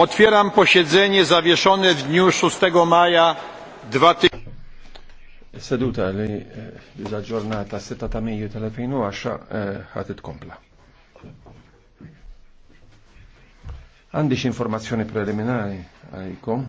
Otwieram posiedzenie zawieszone w dniu 6 maja 2000. Seduta li diża ġurnata 6 ta' Mejju tal-2010 ħadd itkompla. Għandi informazzjoni preliminari għalikom.